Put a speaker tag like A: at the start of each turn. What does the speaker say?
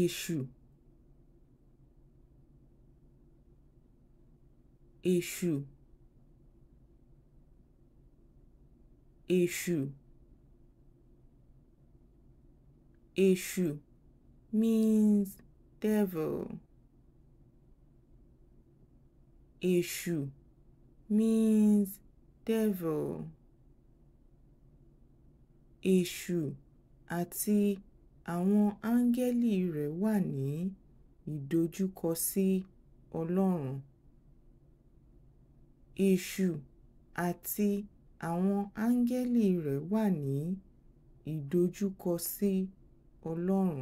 A: èṣù èṣù
B: èṣù èṣù means devil èṣù means devil èṣù àti àwọn áńgẹ́lì rẹ̀ wà ní ìdojúkọ sí Ọlọ́run. Èṣù àti àwọn áńgẹ́lì rẹ̀ wà ní ìdojúkọ sí Ọlọ́run.